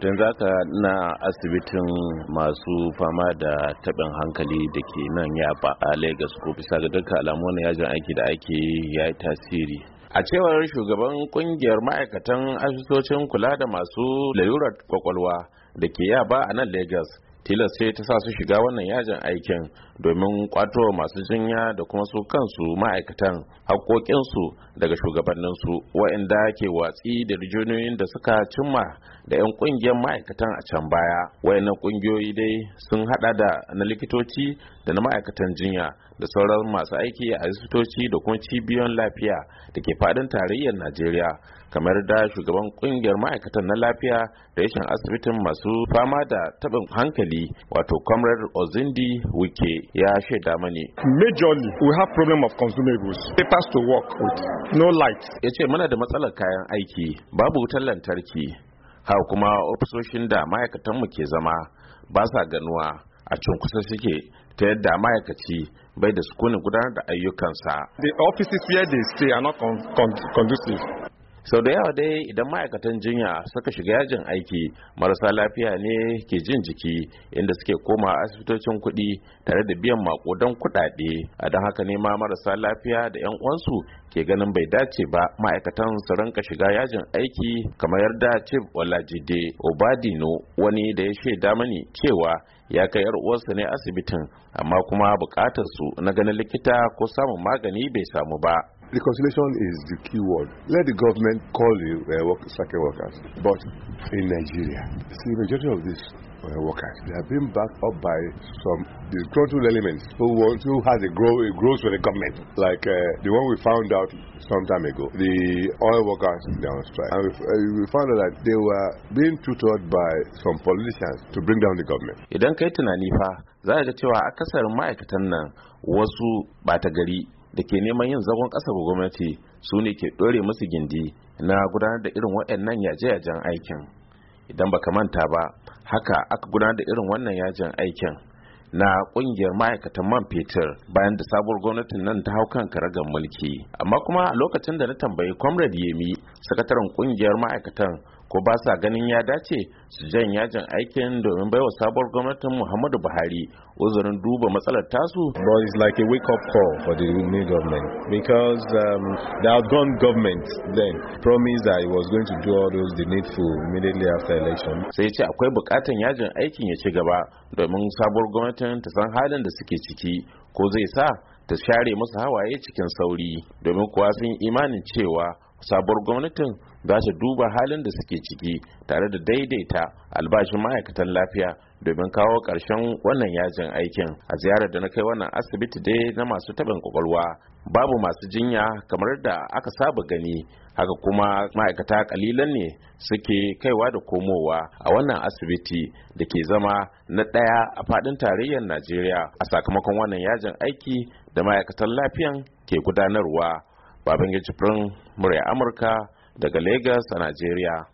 don zaka na asibitin masu fama da taɓin hankali da ke nan ba a lagos ko bisa ga duka alamu wani yajin aiki da ake ya yi tasiri a cewar shugaban kungiyar ma'aikatan asusocin kula da masu lalurar kwakwalwa da ke yaba a nan lagos tilas sai ta sa su shiga wannan yajin aikin domin kwato masu jinya da kuma su kansu ma'aikatan haƙoƙinsu daga shugabanninsu wa'inda ke watsi da rijiyoyin da suka cimma da 'yan ƙungiyar ma'aikatan a can baya wayannan ƙungiyoyi dai sun hada da na likitoci da na ma'aikatan jinya da sauran masu aiki a asibitoci da kuma cibiyoyin lafiya da ke faɗin tarayyar najeriya kamar da shugaban ƙungiyar ma'aikatan na lafiya da reshen asibitin masu fama da taɓin hankali wato comrade ozindi wike ya shaida mani majorly we have problem of consumables papers to work with no light Ya ce muna da matsalar kayan aiki babu wutar lantarki ha kuma ofisoshin da ma'aikatan mu ke zama ba sa ganuwa a cunkusa suke ta yadda ma'aikaci bai da sukunin gudanar da ayyukansa the offices where they stay are not conducive sau da yawa dai idan ma'aikatan jinya suka shiga yajin aiki marasa lafiya ne ke jin jiki inda suke koma asibitocin kuɗi tare da biyan makudan kuɗaɗe a don haka ne ma marasa lafiya da 'yan uwansu ke ganin bai dace ba ma'aikatan su rinka shiga yajin aiki kamar yarda chief olajide obadino wani da ya shaida mani cewa ya kai yar uwarsa ne asibitin amma kuma bukatar su na ganin likita ko samun magani bai samu ba Reconciliation is the key word. Let the government call you uh, work, circuit workers. But in Nigeria, see, the majority of these uh, workers, they are being backed up by some disgruntled elements who want to have a, grow, a growth with the government. Like uh, the one we found out some time ago, the oil workers down strike. And we, uh, we found out that they were being tutored by some politicians to bring down the government. da ke neman yin zagon ƙasa ga gwamnati su ne ke ɗore musu gindi na gudanar da irin waɗannan yaje-yajen aikin idan baka manta ba haka aka gudanar da irin wannan yajin aikin na ƙungiyar ma'aikatan man fetur bayan da sabuwar gwamnatin nan ta hau kan karagar mulki amma kuma a lokacin da na tambayi comrade yemi sakataren ƙungiyar ma'aikatan ko ba sa ganin ya dace su jan yajin aikin domin baiwa sabuwar gwamnatin Muhammadu Buhari uzurin duba matsalar tasu. But it's like a wake up call for the new government because um, the outgone government then promised that it was going to do all those the needful immediately after election. Sai ce akwai bukatan yajin aikin ya ci gaba domin sabuwar gwamnatin ta san halin da suke ciki ko zai sa ta share musu hawaye cikin sauri domin kuwa sun imanin cewa sabuwar gwamnatin za ta duba halin da suke ciki tare da daidaita albashin ma'aikatan lafiya domin kawo ƙarshen wannan yajin aikin a ziyarar da na kai wannan asibiti dai na masu taɓin kwakwalwa babu masu jinya kamar da aka saba gani haka kuma ma'aikata ƙalilan ne suke kaiwa da komowa a wannan asibiti da ke zama na ɗaya a faɗin tarayyar najeriya a sakamakon wannan yajin aiki da ma'aikatan lafiyan ke gudanarwa babangida jibrin murya amurka daga lagos a nigeria